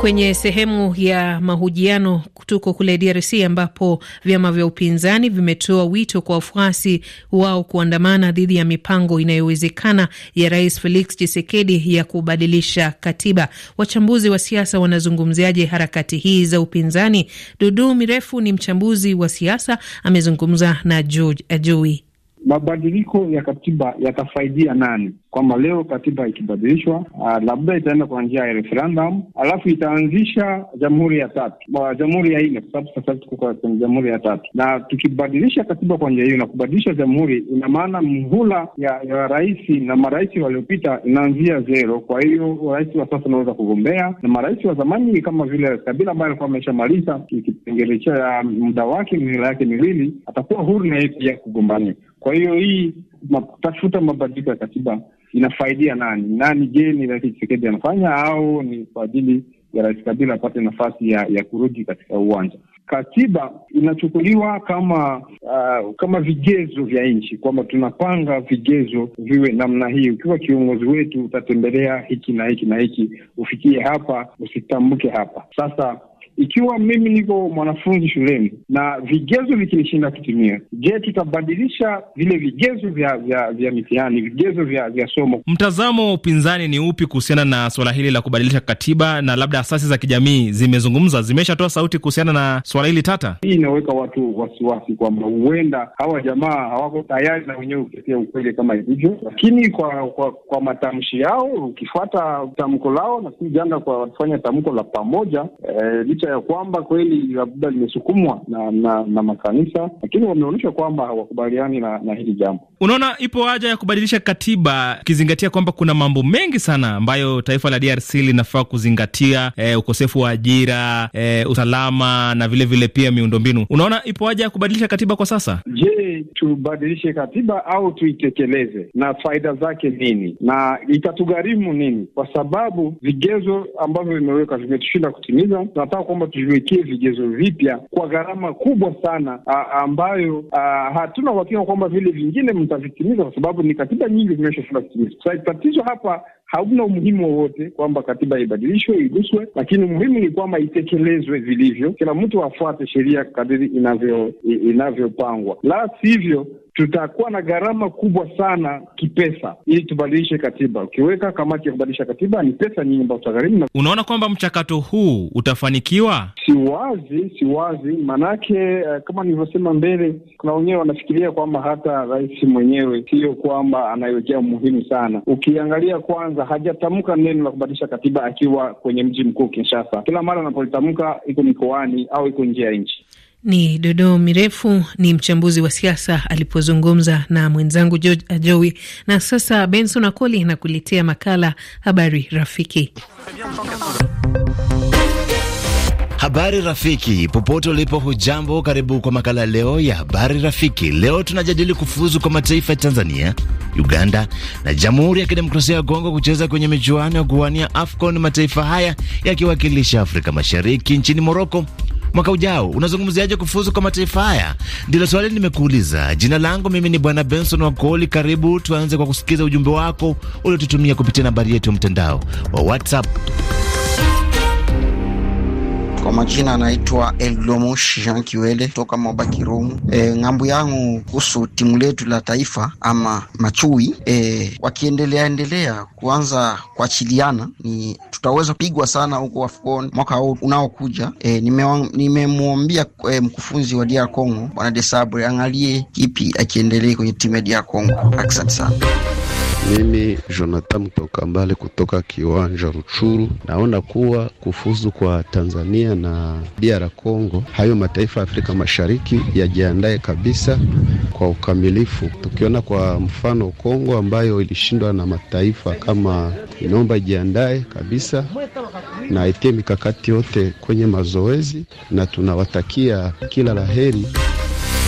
Kwenye sehemu ya mahojiano tuko kule DRC ambapo vyama vya upinzani vimetoa wito kwa wafuasi wao kuandamana dhidi ya mipango inayowezekana ya Rais Felix Tshisekedi ya kubadilisha katiba. Wachambuzi wa siasa wanazungumziaje harakati hii za upinzani? Dudu Mirefu ni mchambuzi wa siasa, amezungumza na George Ajui mabadiliko ya katiba yatafaidia nani? Kwamba leo katiba ikibadilishwa, ah, labda itaenda kwa njia ya referendum, alafu itaanzisha jamhuri ya tatu, jamhuri ya nne, kwa sababu sasa tuko kwenye jamhuri ya tatu. Na tukibadilisha katiba kwa njia hiyo na kubadilisha jamhuri, ina maana mhula ya, ya rais na marais waliopita inaanzia zero. Kwa hiyo rais wa sasa unaweza kugombea na marais wa zamani kama vile Kabila ambaye alikuwa ameshamaliza, cha ah, muda wake mihula yake miwili, atakuwa huru na yeye pia kugombania. Kwa hiyo hii tafuta mabadiliko ya katiba inafaidia nani nani? Je, ni Rais anafanya au ni kwa ajili ya Rais Kabila apate nafasi ya, ya kurudi katika uwanja? Katiba inachukuliwa kama uh, kama vigezo vya nchi, kwamba tunapanga vigezo viwe namna hii. Ukiwa kiongozi wetu utatembelea hiki na hiki na hiki, ufikie hapa, usitambuke hapa. Sasa ikiwa mimi niko mwanafunzi shuleni na vigezo vikinishinda kutumia, je, tutabadilisha vile vigezo vya vya, vya mitihani, vigezo vya vya somo? Mtazamo wa upinzani ni upi kuhusiana na suala hili la kubadilisha katiba, na labda asasi za kijamii zimezungumza, zimeshatoa sauti kuhusiana na suala hili tata? Hii inaweka watu wasiwasi kwamba huenda hawa jamaa hawako tayari na wenyewe kutetea ukweli kama ilivyo, lakini kwa kwa, kwa matamshi yao, ukifuata tamko lao, na si janga kwa kufanya tamko la pamoja eh, licha licha ya kwamba kweli labda limesukumwa na, na, na makanisa, lakini wameonyesha kwamba hawakubaliani na, na hili jambo. Unaona, ipo haja ya kubadilisha katiba ukizingatia kwamba kuna mambo mengi sana ambayo taifa la DRC linafaa kuzingatia, e, ukosefu wa ajira, e, usalama na vilevile vile pia miundombinu. Unaona, ipo haja ya kubadilisha katiba kwa sasa. Je, tubadilishe katiba au tuitekeleze, na faida zake nini na itatugharimu nini? Kwa sababu vigezo ambavyo vimewekwa vimetushinda kutimiza. Tunataka tunaomba tujiwekee vigezo vipya kwa gharama kubwa sana a, ambayo a, hatuna uhakika kwamba vile vingine mtavitimiza, kwa sababu ni katiba nyingi zimeshasema tatizo hapa hauna umuhimu wowote kwamba katiba ibadilishwe iguswe, lakini umuhimu ni kwamba itekelezwe vilivyo, kila mtu afuate sheria kadiri inavyopangwa, inavyo la sivyo tutakuwa na gharama kubwa sana kipesa ili tubadilishe katiba. Ukiweka kamati ya kubadilisha katiba ni pesa nyingi ambazo tutagharimu. Unaona kwamba mchakato huu utafanikiwa? Si wazi, si wazi, maanake uh, eh, kama nilivyosema mbele, kuna wenyewe wanafikiria kwamba hata rais mwenyewe siyo kwamba anaiwekea umuhimu sana. Ukiangalia kwanza, hajatamka neno la kubadilisha katiba akiwa kwenye mji mkuu Kinshasa. Kila mara anapolitamka iko mikoani au iko nje ya nchi. Ni Dodo Mirefu ni mchambuzi wa siasa alipozungumza na mwenzangu George Ajowi. Na sasa Benson Akoli anakuletea makala Habari Rafiki. Habari rafiki, popote ulipo, hujambo. Karibu kwa makala leo ya habari rafiki. Leo tunajadili kufuzu kwa mataifa ya Tanzania, Uganda na Jamhuri ya Kidemokrasia ya Kongo kucheza kwenye michuano ya kuwania AFCON, mataifa haya yakiwakilisha Afrika Mashariki nchini Moroko mwaka ujao, unazungumziaje kufuzu kwa mataifa haya? Ndilo swali nimekuuliza. Jina langu mimi ni Bwana Benson Wakoli. Karibu tuanze kwa kusikiza ujumbe wako uliotutumia kupitia nambari yetu ya mtandao wa WhatsApp. Kwa majina anaitwa Eldomosh Jean Kiwele toka Moba Kirumu. E, ng'ambo yangu kuhusu timu letu la taifa ama machui e, wakiendelea endelea kuanza kuachiliana ni tutaweza pigwa sana huko AFCON mwaka huu unaokuja. E, nimemwambia nime e, mkufunzi wa DR Congo Bwana Desabre angalie kipi akiendelee kwenye timu ya DR Congo. Asante sana. Mimi Jonathan Mtokambale kutoka kiwanja Ruchuru, naona kuwa kufuzu kwa Tanzania na DR Congo, hayo mataifa ya Afrika Mashariki yajiandae kabisa kwa ukamilifu. Tukiona kwa mfano Kongo ambayo ilishindwa na mataifa kama, inaomba ijiandae kabisa na itie mikakati yote kwenye mazoezi, na tunawatakia kila la heri.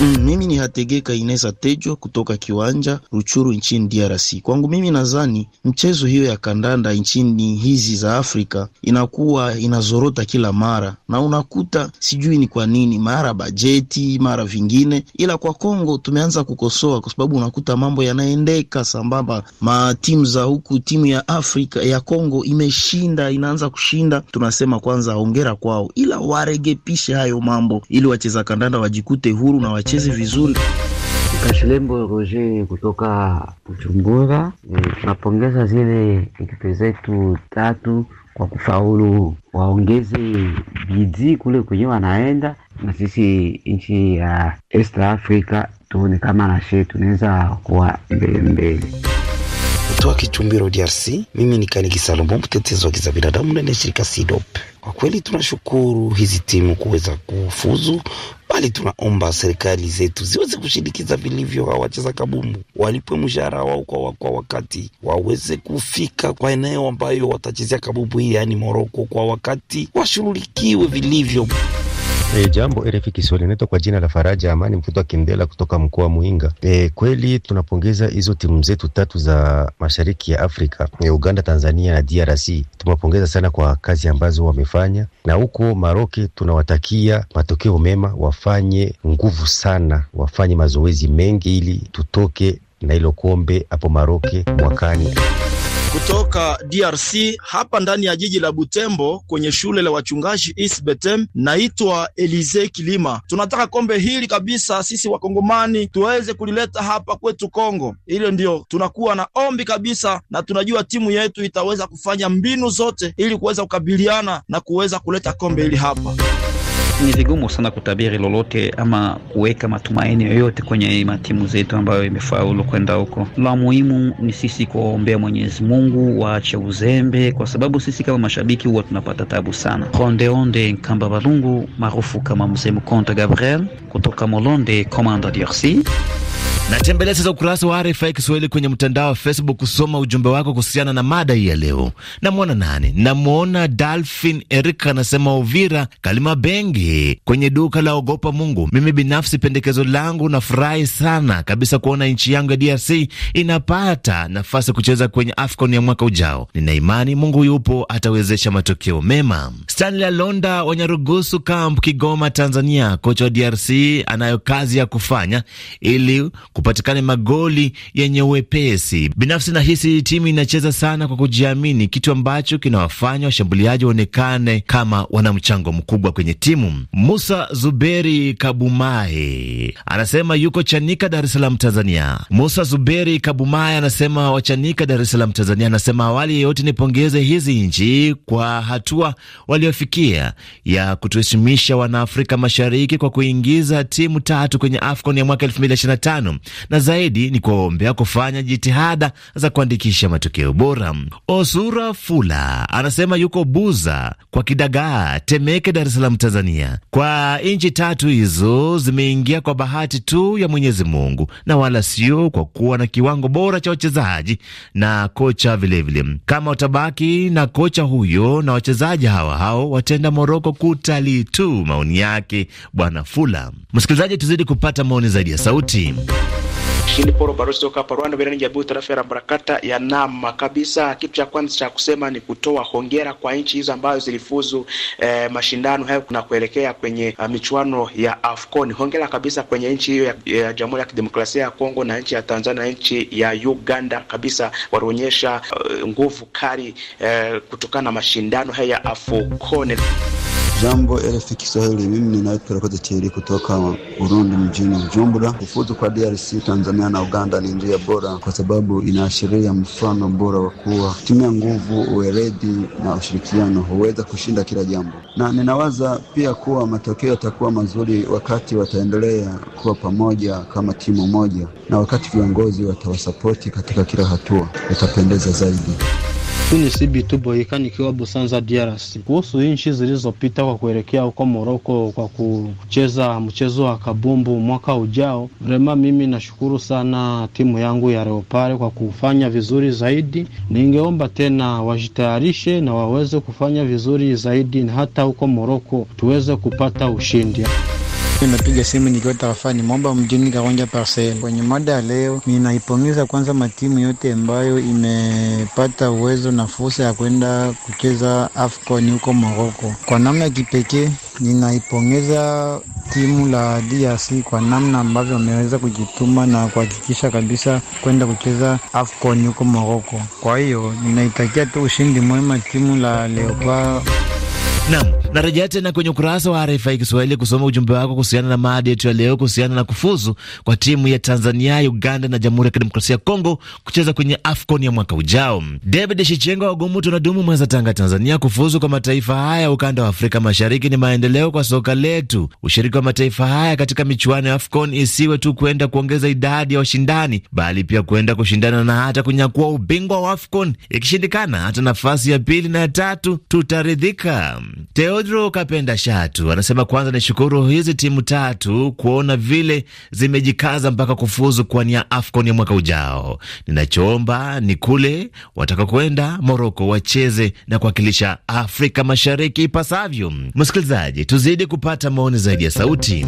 Mm, mimi ni Hategeka Ineza Tejo kutoka kiwanja Ruchuru nchini DRC. Kwangu mimi nadhani mchezo hiyo ya kandanda nchini hizi za Afrika inakuwa inazorota kila mara, na unakuta sijui ni kwa nini, mara bajeti, mara vingine, ila kwa Kongo tumeanza kukosoa kwa sababu unakuta mambo yanaendeka sambamba, matimu za huku, timu ya Afrika ya Kongo imeshinda, inaanza kushinda, tunasema kwanza ongera kwao, ila waregepishe hayo mambo ili wacheza kandanda wajikute huru na wacheze vizuri. Kashilembo Roger kutoka Bujumbura. E, tunapongeza zile ekipe zetu tatu kwa kufaulu, waongeze bidii kule kwenye wanaenda, na sisi nchi ya East Africa tuone kama nashe tunaweza kuwa mbelembele kutoka Kichumbiro, DRC. Mimi ni Kaniki Salombo, mtetezi wa haki za binadamu ndani ya shirika SIDOP. Kwa kweli tunashukuru hizi timu kuweza kufuzu, bali tunaomba serikali zetu ziweze kushindikiza vilivyo hawa wacheza kabumbu, walipwe mshahara wao kwa, kwa wakati, waweze kufika kwa eneo ambayo watachezea kabumbu hii, yaani Moroko, kwa wakati, washughulikiwe vilivyo. E, jambo RFI Kiswahili, inaitwa kwa jina la Faraja Amani wa Kindela kutoka mkoa wa Muinga. E, kweli tunapongeza hizo timu zetu tatu za mashariki ya Afrika e, Uganda, Tanzania na DRC. Tumapongeza sana kwa kazi ambazo wamefanya, na huko Maroke tunawatakia matokeo mema, wafanye nguvu sana, wafanye mazoezi mengi ili tutoke na hilo kombe hapo Maroke mwakani kutoka DRC hapa ndani ya jiji la Butembo kwenye shule la wachungaji East Betem. Naitwa Elize Kilima. Tunataka kombe hili kabisa, sisi wakongomani tuweze kulileta hapa kwetu Kongo. Hilo ndio tunakuwa na ombi kabisa, na tunajua timu yetu itaweza kufanya mbinu zote ili kuweza kukabiliana na kuweza kuleta kombe hili hapa ni vigumu sana kutabiri lolote ama kuweka matumaini yoyote kwenye matimu zetu ambayo imefaulu kwenda huko. La muhimu ni sisi kuwaombea Mwenyezi Mungu waache uzembe, kwa sababu sisi kama mashabiki huwa tunapata tabu sana. Rondeonde Nkamba Balungu maarufu kama Mzee Mkonta Gabriel kutoka Molonde, Komanda DRC. Natembelea sasa ukurasa wa RFI Kiswahili kwenye mtandao wa Facebook kusoma ujumbe wako kuhusiana na mada hii ya leo. Namwona nani? Namwona Dalfin Eric anasema Uvira kalima bengi kwenye duka la ogopa Mungu. Mimi binafsi pendekezo langu, nafurahi sana kabisa kuona nchi yangu ya DRC inapata nafasi kucheza kwenye AFCON ya mwaka ujao. Nina imani Mungu yupo, atawezesha matokeo mema. Stanley Alonda Wanyarugusu Camp, Kigoma, Tanzania. Kocha wa DRC anayo kazi ya kufanya ili kupatikana magoli yenye uwepesi. Binafsi nahisi timu inacheza sana kwa kujiamini, kitu ambacho kinawafanya washambuliaji waonekane kama wana mchango mkubwa kwenye timu. Musa Zuberi Kabumae anasema yuko Chanika, Dar es Salaam, Tanzania. Musa Zuberi Kabumae anasema wachanika, Dar es Salaam, Tanzania, anasema awali yeyote nipongeze hizi nchi kwa hatua waliofikia ya kutuheshimisha Wanaafrika Mashariki kwa kuingiza timu tatu kwenye AFCON ya mwaka tano na zaidi ni kuwaombea kufanya jitihada za kuandikisha matokeo bora. Osura Fula anasema yuko Buza kwa Kidagaa, Temeke, Dar es Salaam, Tanzania. Kwa nchi tatu hizo zimeingia kwa bahati tu ya Mwenyezi Mungu na wala sio kwa kuwa na kiwango bora cha wachezaji na kocha vilevile vile. Kama watabaki na kocha huyo na wachezaji hawa hao watenda Moroko kutalii tu. Maoni yake Bwana Fula. Msikilizaji, tuzidi kupata maoni zaidi ya sauti Shindi Poro Barosi toka hapa Rwanda, wilani Jabihu, tarafa ya Rambarakata ya Nama. Kabisa, kitu cha kwanza cha kusema ni kutoa hongera kwa nchi hizo ambazo zilifuzu eh, mashindano hayo na kuelekea kwenye uh, michuano ya AFCON. Hongera kabisa kwenye nchi hiyo ya, ya Jamhuri ya Kidemokrasia ya Kongo na nchi ya Tanzania na nchi ya Uganda. Kabisa walionyesha uh, nguvu kali eh, kutokana na mashindano haya ya AFCON. Jambo RFI Kiswahili, mimi ninaitwa Rakoze Cheri kutoka Burundi, mjini Bujumbura. Kufuzu kwa DRC, Tanzania na Uganda ni njia bora, kwa sababu inaashiria mfano bora wa kuwa tumia nguvu, uweredi na ushirikiano huweza kushinda kila jambo, na ninawaza pia kuwa matokeo yatakuwa mazuri wakati wataendelea kuwa pamoja kama timu moja, na wakati viongozi watawasapoti katika kila hatua, watapendeza zaidi. Hii ni Sibi Tuboika nikiwa Busanza, DRC. Kuhusu nchi zilizopita kwa kuelekea huko Moroko kwa kucheza mchezo wa kabumbu mwaka ujao, vrema, mimi nashukuru sana timu yangu ya Leopard kwa kufanya vizuri zaidi. Ningeomba tena wajitayarishe na waweze kufanya vizuri zaidi, na hata huko Moroko tuweze kupata ushindi. Nimepiga simu nikiwa tarafani Momba mjini Karonja Parcel. Kwenye mada ya leo, ninaipongeza kwanza matimu yote ambayo imepata uwezo na fursa ya kwenda kucheza AFCON huko Moroko. Kwa namna ya kipekee, ninaipongeza timu la DRC kwa namna ambavyo wameweza kujituma na kuhakikisha kabisa kwenda kucheza AFCON huko Moroko. Kwa hiyo ninaitakia tu ushindi mwema timu la Leopard. Naam. Narejea tena kwenye ukurasa wa RFI Kiswahili kusoma ujumbe wako kuhusiana na maadi yetu ya leo kuhusiana na kufuzu kwa timu ya Tanzania, Uganda na Jamhuri ya Kidemokrasia ya Kongo kucheza kwenye AFCON ya mwaka ujao. David Shichenga wagumu tunadumu mweza Tanga, Tanzania. Kufuzu kwa mataifa haya ukanda wa Afrika Mashariki ni maendeleo kwa soka letu. Ushiriki wa mataifa haya katika michuano ya AFCON isiwe tu kwenda kuongeza idadi ya washindani, bali pia kwenda kushindana na hata kunyakua ubingwa wa AFCON. Ikishindikana hata nafasi ya pili na ya tatu tutaridhika. Teo Pedro Kapenda Shatu anasema kwanza ni shukuru hizi timu tatu kuona vile zimejikaza mpaka kufuzu nia AFCON ya mwaka ujao. Ninachoomba ni kule wataka kwenda Moroko wacheze na kuwakilisha Afrika Mashariki ipasavyo. Msikilizaji, tuzidi kupata maoni zaidi ya sauti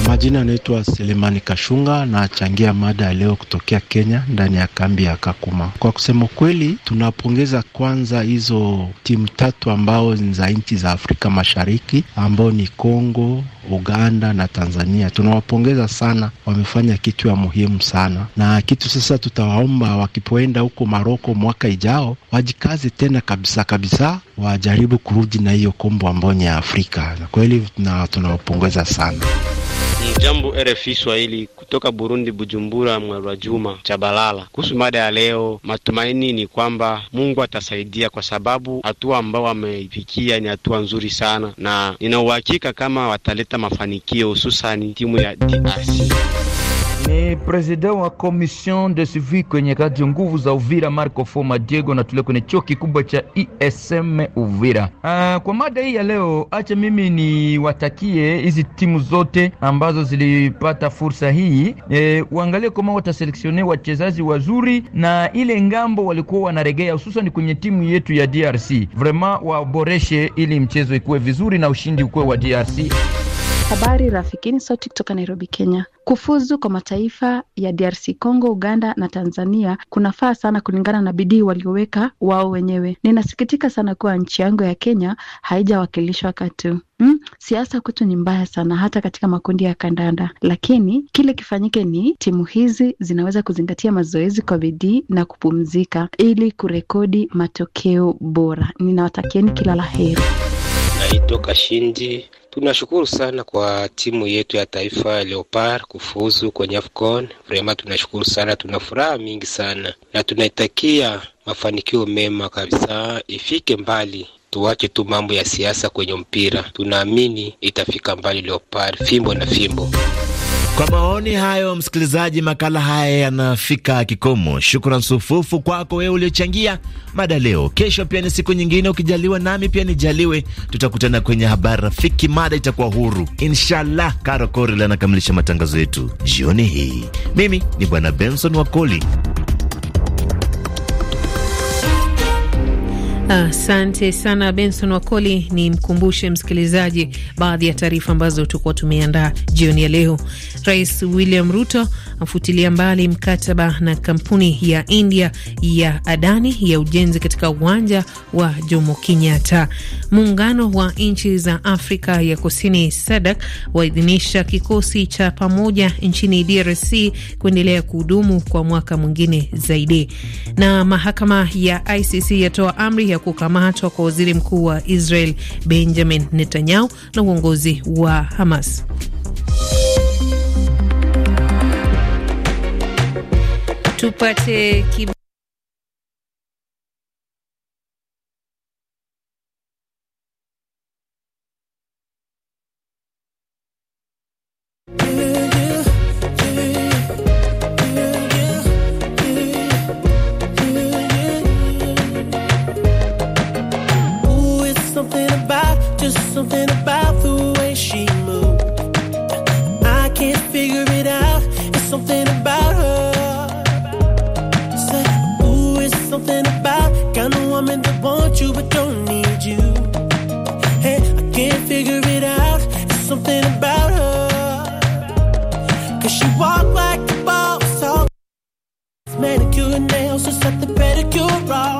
kwa majina anaitwa Selemani Kashunga na achangia mada ya leo kutokea Kenya ndani ya kambi ya Kakuma. Kwa kusema kweli, tunapongeza kwanza hizo timu tatu ambao ni za nchi za Afrika Mashariki ambao ni Kongo, Uganda na Tanzania. Tunawapongeza sana, wamefanya kitu ya muhimu sana, na kitu sasa tutawaomba wakipoenda huko Maroko mwaka ijao wajikaze tena kabisa kabisa, wajaribu kurudi na hiyo kombo ambao ni ya Afrika. Na kweli tunawapongeza sana. Jambo RFI Swahili kutoka Burundi, Bujumbura, Mwarwa Juma Chabalala. Kuhusu mada ya leo, matumaini ni kwamba Mungu atasaidia, kwa sababu hatua ambao wameifikia ni hatua nzuri sana, na nina uhakika kama wataleta mafanikio, hususani timu ya DRC. Ni e prezida wa komision de suivi kwenye kati nguvu za Uvira Marco Foma Diego tule kwenye chuo kikubwa cha ISM e Uvira. Uh, kwa mada hii ya leo, acha mimi niwatakie hizi timu zote ambazo zilipata fursa hii e, waangalie kama wataseleksione wachezaji wazuri na ile ngambo walikuwa wanaregea, hususan kwenye timu yetu ya DRC. Vrema waboreshe ili mchezo ikuwe vizuri na ushindi ukuwe wa DRC. Habari rafiki, ni sauti kutoka Nairobi, Kenya. Kufuzu kwa mataifa ya DRC Congo, Uganda na Tanzania kunafaa sana kulingana na bidii walioweka wao wenyewe. Ninasikitika sana kuwa nchi yangu ya Kenya haijawakilishwa katu. Mm, siasa kwetu ni mbaya sana hata katika makundi ya kandanda, lakini kile kifanyike ni timu hizi zinaweza kuzingatia mazoezi kwa bidii na kupumzika ili kurekodi matokeo bora. Ninawatakieni kila la heri. Naitwa Tunashukuru sana kwa timu yetu ya taifa Leopard kufuzu kwenye AFCON. Vrema tunashukuru sana, tuna furaha mingi sana na tunaitakia mafanikio mema kabisa, ifike mbali. tuache tu mambo ya siasa kwenye mpira, tunaamini itafika mbali Leopard, fimbo na fimbo. Kwa maoni hayo, msikilizaji, makala haya yanafika kikomo. Shukran sufufu kwako wewe uliochangia mada leo. Kesho pia ni siku nyingine, ukijaliwa nami pia nijaliwe, tutakutana kwenye habari rafiki. Mada itakuwa huru, inshallah. Karokori lanakamilisha matangazo yetu jioni hii. Mimi ni Bwana Benson Wakoli. Asante ah, sana Benson Wakoli. Ni mkumbushe msikilizaji baadhi ya taarifa ambazo tulikuwa tumeandaa jioni ya leo. Rais William Ruto amfutilia mbali mkataba na kampuni ya India ya Adani ya ujenzi katika uwanja wa Jomo Kenyatta. Muungano wa nchi za Afrika ya Kusini SADC waidhinisha kikosi cha pamoja nchini DRC kuendelea kuhudumu kwa mwaka mwingine zaidi. Na mahakama ya ICC yatoa amri ya kukamatwa kwa waziri mkuu wa Israel Benjamin Netanyahu na uongozi wa Hamas. Tupate something about the way she moved. I can't figure it out. It's something about her. Say, ooh, it's something about woman that wants you but don't need you. Hey, I can't figure it out. It's something about she walk like the boss, manicure and nails, just set the pedicure off.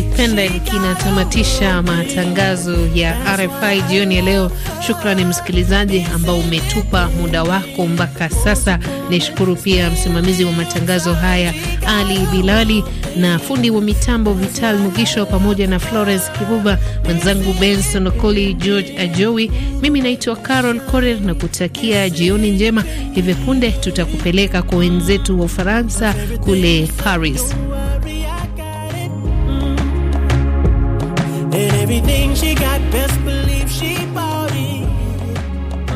Independent kinatamatisha matangazo ya RFI jioni ya leo. Shukrani msikilizaji ambao umetupa muda wako mpaka sasa. nishukuru pia msimamizi wa matangazo haya Ali Bilali na fundi wa mitambo Vital Mugisho pamoja na Florence Kibuba, mwenzangu Benson Okoli, George Ajowi. Mimi naitwa Carol Corer na kutakia jioni njema. Hivi punde tutakupeleka kwa wenzetu wa Ufaransa kule Paris. Everything she got, best believe she